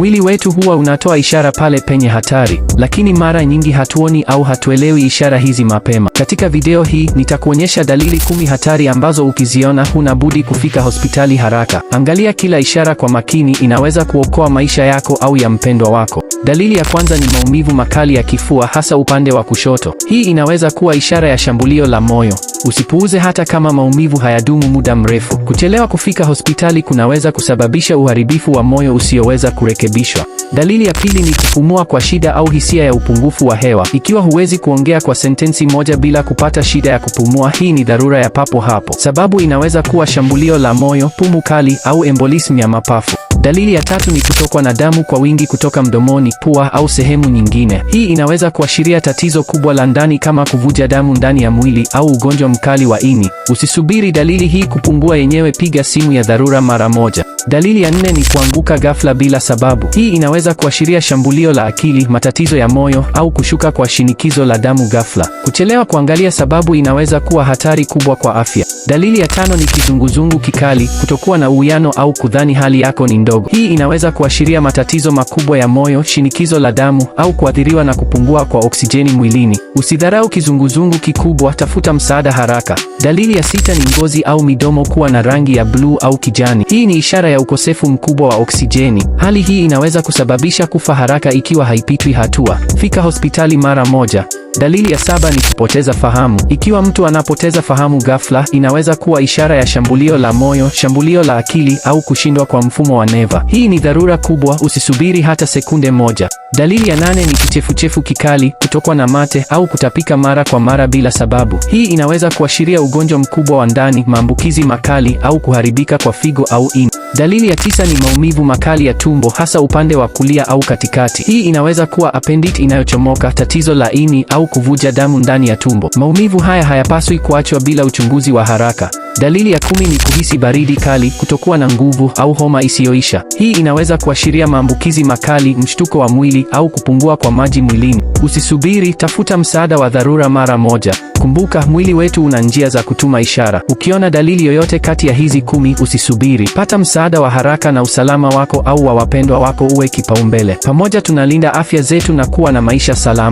Mwili wetu huwa unatoa ishara pale penye hatari, lakini mara nyingi hatuoni au hatuelewi ishara hizi mapema. Katika video hii nitakuonyesha dalili kumi hatari ambazo ukiziona huna budi kufika hospitali haraka. Angalia kila ishara kwa makini, inaweza kuokoa maisha yako au ya mpendwa wako. Dalili ya kwanza ni maumivu makali ya kifua, hasa upande wa kushoto. Hii inaweza kuwa ishara ya shambulio la moyo. Usipuuze hata kama maumivu hayadumu muda mrefu. Kuchelewa kufika hospitali kunaweza kusababisha uharibifu wa moyo usioweza kurekebishwa. Dalili ya pili ni kupumua kwa shida au hisia ya upungufu wa hewa. Ikiwa huwezi kuongea kwa sentensi moja bila kupata shida ya kupumua, hii ni dharura ya papo hapo. Sababu inaweza kuwa shambulio la moyo, pumu kali au embolism ya mapafu. Dalili ya tatu ni kutokwa na damu kwa wingi kutoka mdomoni, pua au sehemu nyingine. Hii inaweza kuashiria tatizo kubwa la ndani kama kuvuja damu ndani ya mwili au ugonjwa mkali wa ini. Usisubiri dalili hii kupungua yenyewe, piga simu ya dharura mara moja. Dalili ya nne ni kuanguka ghafla bila sababu. Hii inaweza kuashiria shambulio la akili, matatizo ya moyo au kushuka kwa shinikizo la damu ghafla. Kuchelewa kuangalia sababu inaweza kuwa hatari kubwa kwa afya. Dalili ya tano ni kizunguzungu kikali, kutokuwa na uwiano au kudhani hali yako ni ndogo. Hii inaweza kuashiria matatizo makubwa ya moyo, shinikizo la damu au kuathiriwa na kupungua kwa oksijeni mwilini. Usidharau kizunguzungu kikubwa, tafuta msaada haraka. Dalili ya sita ni ngozi au midomo kuwa na rangi ya bluu au kijani. Hii ni ishara ya ukosefu mkubwa wa oksijeni. Hali hii inaweza kusababisha kufa haraka ikiwa haipitwi hatua. Fika hospitali mara moja. Dalili ya saba ni kupoteza fahamu. Ikiwa mtu anapoteza fahamu ghafla, inaweza kuwa ishara ya shambulio la moyo, shambulio la akili au kushindwa kwa mfumo wa neva. Hii ni dharura kubwa, usisubiri hata sekunde moja. Dalili ya nane ni kichefuchefu kikali, kutokwa na mate au kutapika mara kwa mara bila sababu. Hii inaweza kuashiria ugonjwa mkubwa wa ndani, maambukizi makali au kuharibika kwa figo au ini. Dalili ya tisa ni maumivu makali ya tumbo hasa upande wa kulia au katikati. Hii inaweza kuwa appendix inayochomoka, tatizo la ini au kuvuja damu ndani ya tumbo. Maumivu haya hayapaswi kuachwa bila uchunguzi wa haraka. Dalili ya kumi ni kuhisi baridi kali, kutokuwa na nguvu au homa isiyoisha. Hii inaweza kuashiria maambukizi makali, mshtuko wa mwili au kupungua kwa maji mwilini. Usisubiri, tafuta msaada wa dharura mara moja. Kumbuka, mwili wetu una njia za kutuma ishara. Ukiona dalili yoyote kati ya hizi kumi, usisubiri, pata msaada wa haraka, na usalama wako au wa wapendwa wako uwe kipaumbele. Pamoja tunalinda afya zetu na kuwa na maisha salama.